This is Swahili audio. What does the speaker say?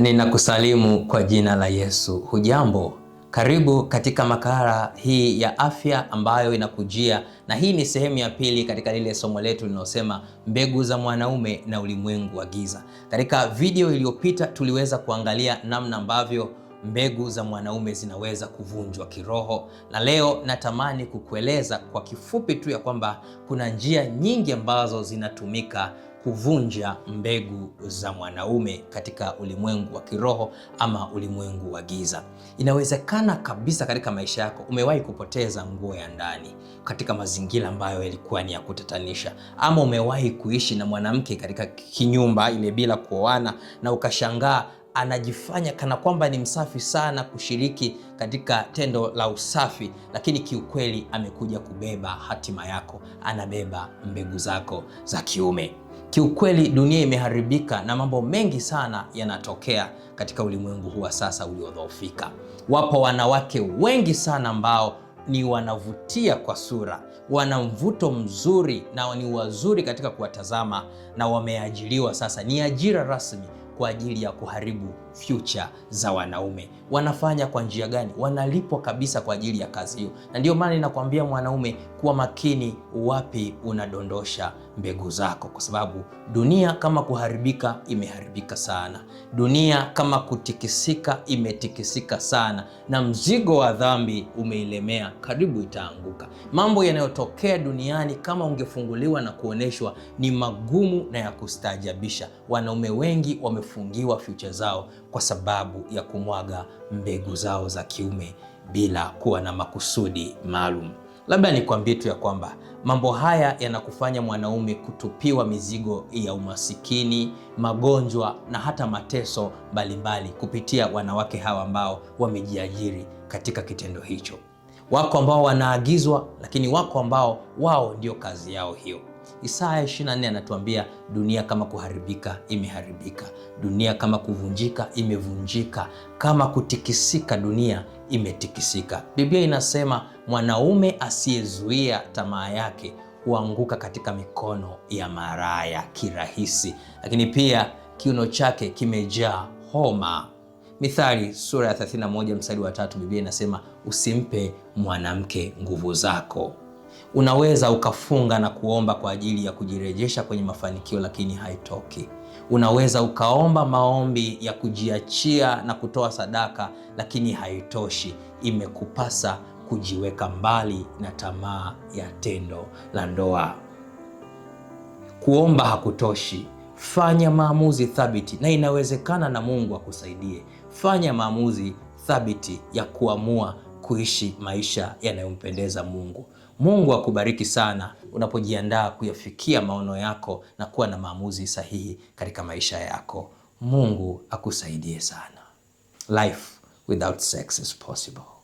Ninakusalimu kwa jina la Yesu. Hujambo, karibu katika makala hii ya afya ambayo inakujia, na hii ni sehemu ya pili katika lile somo letu linalosema mbegu za mwanaume na ulimwengu wa giza. Katika video iliyopita tuliweza kuangalia namna ambavyo mbegu za mwanaume zinaweza kuvunjwa kiroho. Na leo natamani kukueleza kwa kifupi tu ya kwamba kuna njia nyingi ambazo zinatumika kuvunja mbegu za mwanaume katika ulimwengu wa kiroho ama ulimwengu wa giza. Inawezekana kabisa katika maisha yako umewahi kupoteza nguo ya ndani katika mazingira ambayo yalikuwa ni ya kutatanisha, ama umewahi kuishi na mwanamke katika kinyumba ile bila kuoana na ukashangaa anajifanya kana kwamba ni msafi sana kushiriki katika tendo la usafi, lakini kiukweli amekuja kubeba hatima yako, anabeba mbegu zako za kiume. Kiukweli dunia imeharibika na mambo mengi sana yanatokea katika ulimwengu huu wa sasa uliodhoofika. Wapo wanawake wengi sana ambao ni wanavutia kwa sura, wana mvuto mzuri na ni wazuri katika kuwatazama, na wameajiriwa sasa, ni ajira rasmi kwa ajili ya kuharibu future za wanaume. Wanafanya kwa njia gani? Wanalipwa kabisa kwa ajili ya kazi hiyo, na ndiyo maana ninakwambia mwanaume, kuwa makini wapi unadondosha mbegu zako, kwa sababu dunia kama kuharibika imeharibika sana, dunia kama kutikisika imetikisika sana, na mzigo wa dhambi umeilemea, karibu itaanguka. Mambo yanayotokea duniani kama ungefunguliwa na kuonyeshwa ni magumu na ya kustaajabisha. Wanaume wengi wame wamefungiwa future zao kwa sababu ya kumwaga mbegu zao za kiume bila kuwa na makusudi maalum. Labda nikwambie tu ya kwamba mambo haya yanakufanya mwanaume kutupiwa mizigo ya umasikini, magonjwa na hata mateso mbalimbali kupitia wanawake hawa ambao wamejiajiri katika kitendo hicho. Wako ambao wanaagizwa, lakini wako ambao wao ndio kazi yao hiyo. Isaya 24 anatuambia dunia kama kuharibika imeharibika, dunia kama kuvunjika imevunjika, kama kutikisika dunia imetikisika. Biblia inasema mwanaume asiyezuia tamaa yake huanguka katika mikono ya maraya kirahisi, lakini pia kiuno chake kimejaa homa. Mithali sura ya 31 mstari wa tatu, Biblia inasema usimpe mwanamke nguvu zako. Unaweza ukafunga na kuomba kwa ajili ya kujirejesha kwenye mafanikio, lakini haitoki. Unaweza ukaomba maombi ya kujiachia na kutoa sadaka, lakini haitoshi. Imekupasa kujiweka mbali na tamaa ya tendo la ndoa. Kuomba hakutoshi. Fanya maamuzi thabiti, na inawezekana, na Mungu akusaidie. Fanya maamuzi thabiti ya kuamua kuishi maisha yanayompendeza Mungu. Mungu akubariki sana unapojiandaa kuyafikia maono yako na kuwa na maamuzi sahihi katika maisha yako. Mungu akusaidie sana. Life without sex is possible.